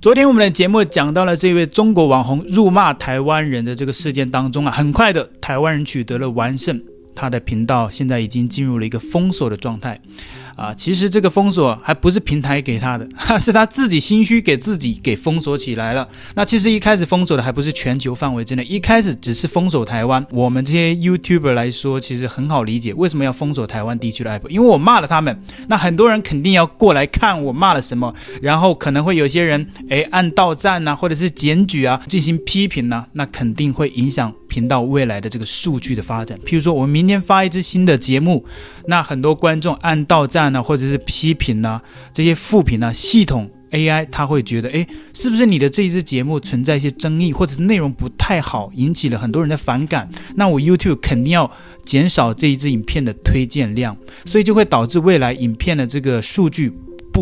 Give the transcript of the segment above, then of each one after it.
昨天我們的節目講到了這位中國網紅辱罵台灣人的這個事件當中啊，很快的台灣人取得了完勝，他的頻道現在已經進入了一個封鎖的狀態。啊，其實這個封鎖還不是平台給他的，是他自己心虛給自己給封鎖起來了。那其實一開始封鎖的還不是全球範圍之內，一開始只是封鎖台灣。我們這些 YouTuber 來說，其實很好理解為什麼要封鎖台灣地區的 APP 因為我罵了他們，那很多人肯定要過來看我罵了什麼，然後可能會有些人哎按倒讚吶，啊，或者是檢舉啊進行批評呢，啊，那肯定會影響頻道未來的這個數據的發展。譬如說，我們明天發一支新的節目，那很多觀眾按倒讚。或者是批評呢、啊，這些負評呢、啊，系統 AI 他會覺得，哎，是不是你的這一支節目存在一些爭議，或者是內容不太好，引起了很多人的反感，那我 YouTube 肯定要減少這一支影片的推薦量，所以就會導致未來影片的這個數據。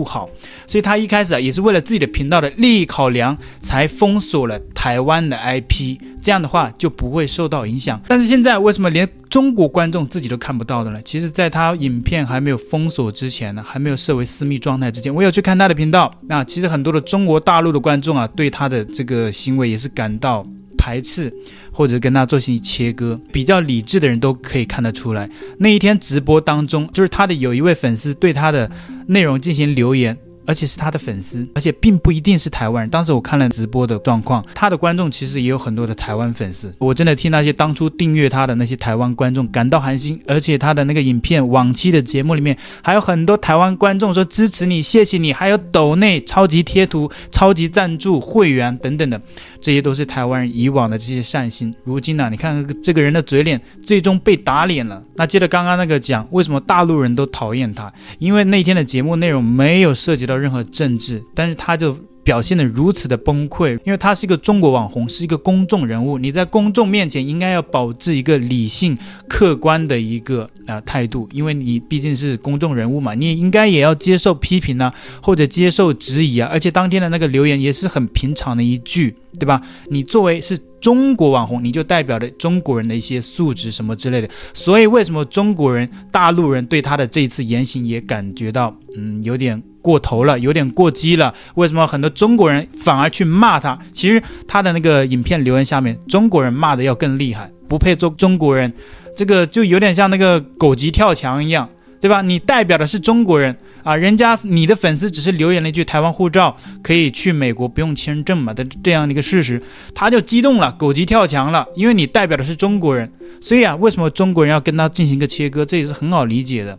不好，所以他一開始啊也是為了自己的頻道的利益考量，才封鎖了台灣的 IP，這樣的話就不會受到影響。但是現在為什麼連中國觀眾自己都看不到的呢？其實，在他影片還沒有封鎖之前呢，還沒有設為私密狀態之前，我有去看他的頻道，那其實很多的中國大陸的觀眾啊，對他的這個行為也是感到。排斥，或者跟他進行切割，比較理智的人都可以看得出來。那一天直播當中，就是他的有一位粉絲對他的內容進行留言，而且是他的粉絲，而且並不一定是台灣人。當時我看了直播的狀況，他的觀眾其實也有很多的台灣粉絲。我真的替那些當初訂閱他的那些台灣觀眾感到寒心。而且他的那個影片往期的節目裡面還有很多台灣觀眾說支持你，謝謝你，還有斗內超級貼圖、超級贊助會員等等的。這些都是台灣人以往的這些善心，如今呢、啊，你看，看這個人的嘴臉，最終被打臉了。那接着剛剛那個講，為什麼大陸人都討厭他？因為那天的節目內容沒有涉及到任何政治，但是他就表現得如此的崩潰。因為他是一個中國網紅，是一個公眾人物，你在公眾面前應該要保持一個理性、客觀的一個啊、呃、態度，因為你畢竟是公眾人物嘛，你也應該也要接受批評啊，或者接受質疑啊。而且當天的那個留言也是很平常的一句。對吧？你作為是中國網紅，你就代表着中國人的一些素質什麼之類的。所以為什麼中國人、大陸人對他的這一次言行也感覺到，嗯，有點過頭了，有點過激了？為什麼很多中國人反而去罵他？其實他的那個影片留言下面，中國人罵得要更厲害，不配做中國人，這個就有點像那個狗急跳牆一樣。對吧？你代表的是中國人啊，人家你的粉絲只是留言了一句“台灣護照可以去美國不用簽證嘛”的這樣的一個事實，他就激動了，狗急跳牆了，因為你代表的是中國人，所以啊，為什麼中國人要跟他進行一個切割，這也是很好理解的。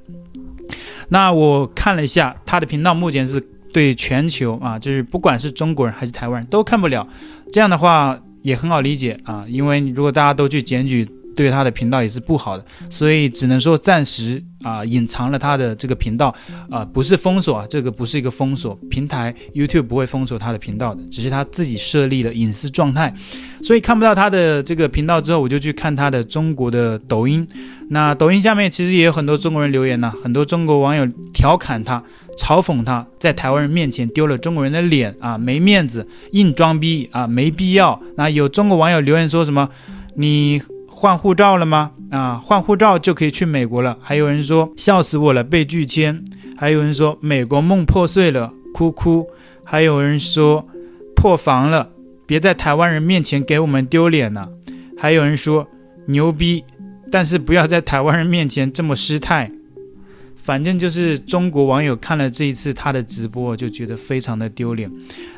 那我看了一下他的頻道，目前是對全球啊，就是不管是中國人還是台灣人都看不了，這樣的話也很好理解啊，因為如果大家都去檢舉。對他的頻道也是不好的，所以只能說暫時啊、呃、隱藏了他的這個頻道啊、呃，不是封鎖，這個不是一個封鎖平台，YouTube 不會封鎖他的頻道的，只是他自己設立了隱私狀態，所以看不到他的這個頻道之後，我就去看他的中國的抖音。那抖音下面其實也有很多中國人留言呢、啊，很多中國網友調侃他、嘲諷他，在台灣人面前丟了中國人的臉啊，沒面子，硬裝逼啊，沒必要。那有中國網友留言說什麼，你換護照了嗎？啊、呃，換護照就可以去美國了。還有人說笑死我了，被拒簽。還有人說美國夢破碎了，哭哭。還有人說破防了，別在台灣人面前給我們丟臉了。還有人說牛逼，但是不要在台灣人面前這麼失態。反正就是中國網友看了這一次他的直播，就覺得非常的丟臉。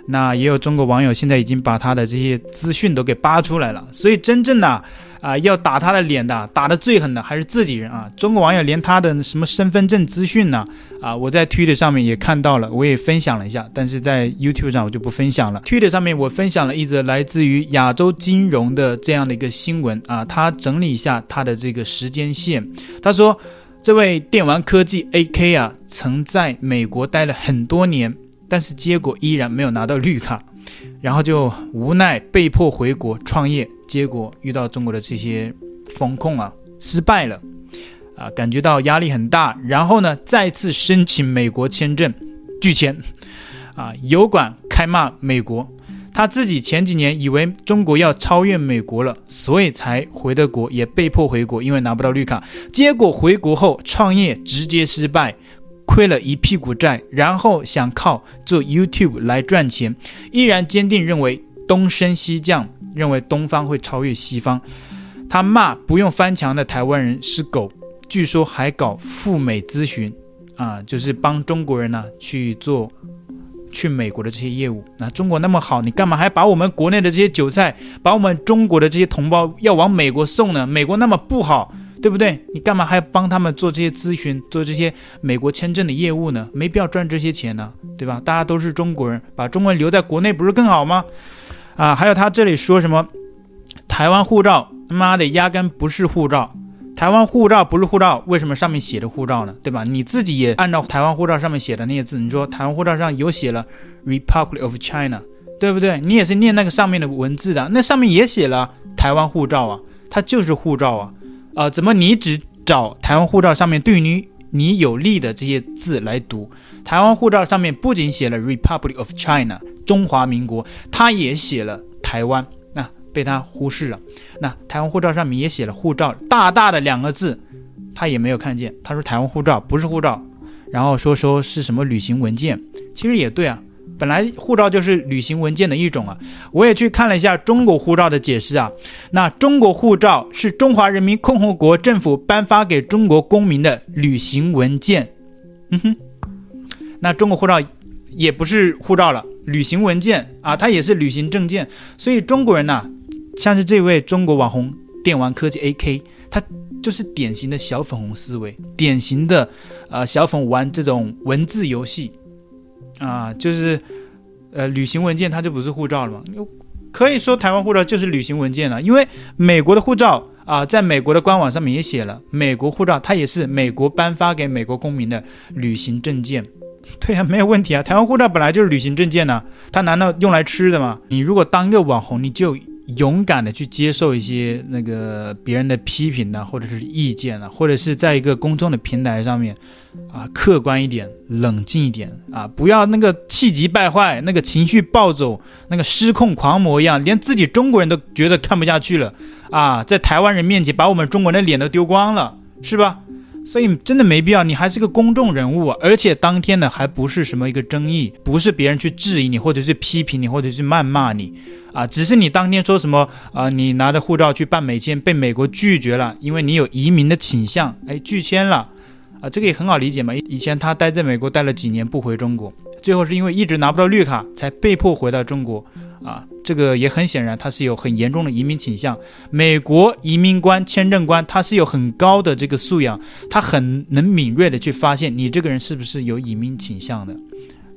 那也有中國網友現在已經把他的這些資訊都給扒出來了。所以真正的啊、呃，要打他的臉的，打得最狠的還是自己人啊！中國網友連他的什麼身份證資訊呢？啊、呃，我在 Twitter 上面也看到了，我也分享了一下，但是在 YouTube 上我就不分享了。Twitter 上面我分享了一則來自於亞洲金融的這樣的一個新聞啊，他整理一下他的這個時間線，他說。這位電丸科技 AK 啊，曾在美國待了很多年，但是結果依然沒有拿到綠卡，然後就無奈被迫回國創業，結果遇到中國的這些風控啊，失敗了，啊，感覺到壓力很大，然後呢，再次申請美國簽證，拒簽，啊，油管開罵美國。他自己前幾年以為中國要超越美國了，所以才回的國，也被迫回國，因為拿不到綠卡。結果回國後創業直接失敗，虧了一屁股債，然後想靠做 YouTube 來賺錢，依然堅定認為東升西降，認為東方會超越西方。他罵不用翻牆的台灣人是狗，據說還搞赴美諮詢，啊，就是幫中國人呢、啊、去做。去美國的這些業務，那、啊、中國那麼好，你幹嘛還把我們國內的這些韭菜，把我們中國的這些同胞要往美國送呢？美國那麼不好，對不對？你幹嘛還幫他們做這些諮詢，做這些美國簽證的業務呢？沒必要賺這些錢呢、啊，對吧？大家都是中國人，把中國人留在國內不是更好嗎？啊，還有他這裡說什麼台灣護照，他媽的壓根不是護照。台灣護照不是護照，為什麼上面寫着護照呢？對吧？你自己也按照台灣護照上面寫的那些字，你說台灣護照上有寫了 Republic of China，對不對？你也是念那個上面的文字的，那上面也寫了台灣護照啊，它就是護照啊，啊、呃？怎麼你只找台灣護照上面對於你，你有利的這些字來讀？台灣護照上面不僅寫了 Republic of China 中華民國，它也寫了台灣。被他忽視了。那台灣護照上面也寫了“護照”大大的兩個字，他也沒有看見。他說：“台灣護照不是護照。”然後說說是什麼旅行文件。其實也對啊，本來護照就是旅行文件的一種啊。我也去看了一下中國護照的解釋啊。那中國護照是中華人民共和國政府頒發給中國公民的旅行文件。嗯哼，那中國護照也不是護照了，旅行文件啊，它也是旅行證件。所以中國人呢，啊？像是這位中國網紅電丸科技 AK，他就是典型的小粉紅思維，典型的呃小粉玩這種文字遊戲啊，就是呃旅行文件它就不是護照了嘛？可以說台灣護照就是旅行文件了，因為美國的護照啊，在美國的官網上面也寫了，美國護照它也是美國頒發給美國公民的旅行證件。對啊，沒有問題啊，台灣護照本來就是旅行證件呢、啊，它難道用來吃的嗎？你如果當一個網紅，你就。勇敢的去接受一些那個別人的批評呢，或者是意見呢，啊，或者是在一個公眾的平台上面，啊，客觀一點，冷靜一點啊，不要那個氣急敗壞，那個情緒暴走，那個失控狂魔一樣，連自己中國人都覺得看不下去了啊，在台灣人面前把我們中國人的臉都丟光了，是吧？所以真的沒必要，你還是個公眾人物啊，而且當天呢，還不是什麼一個爭議，不是別人去質疑你，或者是批評你，或者是謾罵你，啊，只是你當天說什麼啊，呃，你拿着護照去辦美簽被美國拒絕了，因為你有移民的傾向，哎，拒簽了，啊，這個也很好理解嘛，以以前他待在美國待了幾年不回中國，最後是因為一直拿不到綠卡才被迫回到中國。啊，這個也很顯然，他是有很嚴重的移民傾向。美國移民官、簽證官，他是有很高的這個素養，他很能敏銳地去發現你這個人是不是有移民傾向的，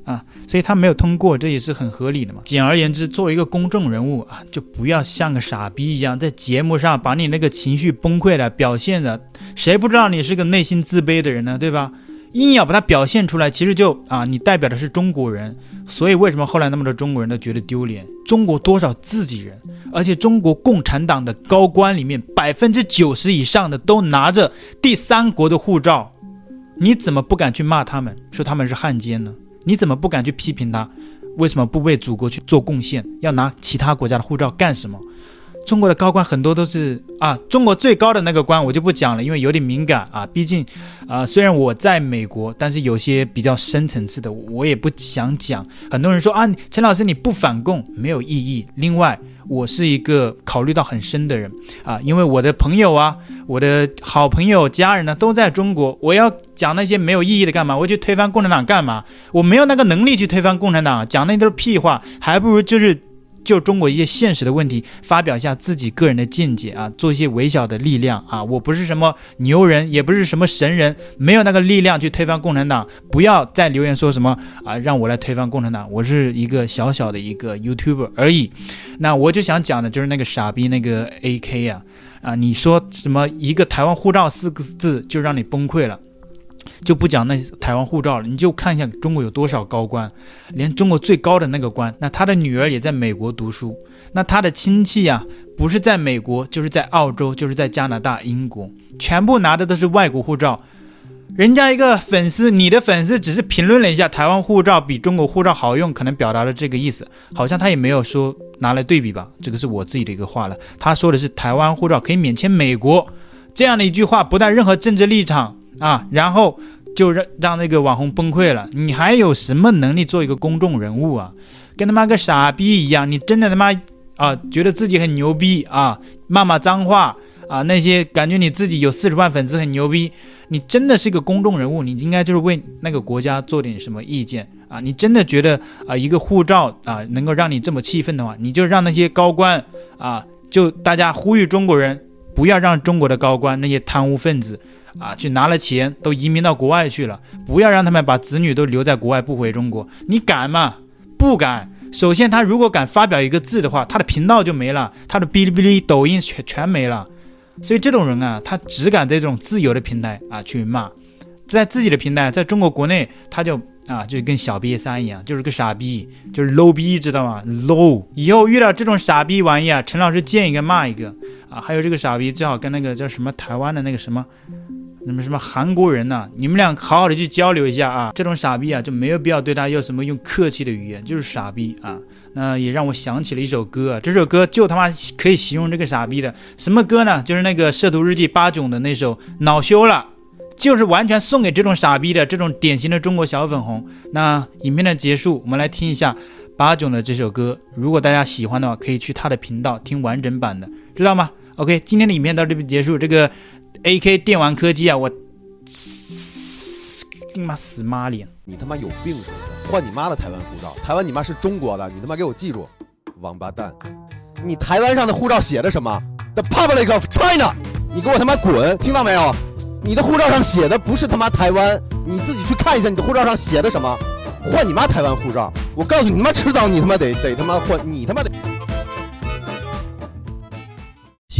啊，所以他沒有通過，這也是很合理的嘛。簡而言之，作為一個公眾人物啊，就不要像個傻逼一樣，在節目上把你那個情緒崩潰了表現的，誰不知道你是個內心自卑的人呢，對吧？硬要把它表現出來，其實就啊，你代表的是中國人，所以為什麼後來那麼多中國人都覺得丟臉？中國多少自己人？而且中國共產黨的高官裡面百分之九十以上的都拿着第三國的護照，你怎麼不敢去罵他們，說他們是漢奸呢？你怎麼不敢去批評他？為什麼不為祖國去做貢獻？要拿其他國家的護照幹什麼？中國的高官很多都是啊，中國最高的那個官我就不講了，因為有點敏感啊。畢竟，啊，雖然我在美國，但是有些比較深層次的我也不想講。很多人說啊，陳老師你不反共沒有意義。另外，我是一個考慮到很深的人啊，因為我的朋友啊，我的好朋友家人呢都在中國，我要講那些沒有意義的幹嘛？我去推翻共產黨幹嘛？我沒有那個能力去推翻共產黨，講那都是屁話，還不如就是。就中國一些現實的問題，發表一下自己個人的見解啊，做一些微小的力量啊。我不是什麼牛人，也不是什麼神人，沒有那個力量去推翻共產黨。不要再留言說什麼啊，讓我來推翻共產黨。我是一個小小的一個 YouTuber 而已。那我就想講的就是那個傻逼那個 AK 呀，啊，啊，你說什麼一個台灣護照四個字就讓你崩潰了。就不講那些台灣護照了，你就看一下中國有多少高官，連中國最高的那個官，那他的女兒也在美國讀書，那他的親戚呀、啊，不是在美國，就是在澳洲，就是在加拿大、英國，全部拿的都是外國護照。人家一個粉絲，你的粉絲只是評論了一下台灣護照比中國護照好用，可能表達了這個意思，好像他也沒有說拿來對比吧。這個是我自己的一個話了，他說的是台灣護照可以免簽美國這樣的一句話，不帶任何政治立場。啊，然後就讓讓那個網紅崩潰了。你還有什麼能力做一個公眾人物啊？跟他媽個傻逼一樣！你真的他媽啊，覺得自己很牛逼啊？罵罵髒話啊？那些感覺你自己有四十萬粉絲很牛逼？你真的是一個公眾人物？你應該就是為那個國家做點什麼意見啊？你真的覺得啊，一個護照啊能夠讓你這麼氣憤的話，你就讓那些高官啊，就大家呼籲中國人不要讓中國的高官那些貪污分子。啊，去拿了錢都移民到國外去了，不要讓他們把子女都留在國外不回中國，你敢嗎？不敢。首先，他如果敢發表一個字的話，他的頻道就沒了，他的嗶哩嗶哩、抖音全全沒了。所以這種人啊，他只敢在這種自由的平台啊去罵，在自己的平台，在中國國內，他就啊就跟小癟三一樣，就是個傻逼，就是 low 逼，知道嗎？low。以後遇到這種傻逼玩意啊，陳老師見一個罵一個啊。還有這個傻逼最好跟那個叫什麼台灣的那個什麼。那麼什麼韓國人呢、啊？你們倆好好的去交流一下啊！這種傻逼啊就沒有必要對他有什麼用客氣的語言，就是傻逼啊！那、呃、也讓我想起了一首歌，這首歌就他媽可以形容這個傻逼的，什麼歌呢？就是那個攝徒日記八囧的那首《惱羞了》，就是完全送給這種傻逼的這種典型的中國小粉紅。那影片的結束，我們來聽一下八囧的這首歌。如果大家喜歡的話，可以去他的頻道聽完整版的，知道嗎？OK，今天的影片到這邊結束，這個。A.K. 電丸科技啊，我，你媽死媽臉！你他媽有病是不是？換你媽的台灣護照！台灣你媽是中國的，你他媽給我記住，王八蛋！你台灣上的護照寫的什麼？The Republic of China！你給我他媽滾！聽到沒有？你的護照上寫的不是他媽台灣，你自己去看一下你的護照上寫的什麼。換你媽台灣護照！我告訴你，你他媽，遲早你他媽得得他媽換，你他媽的。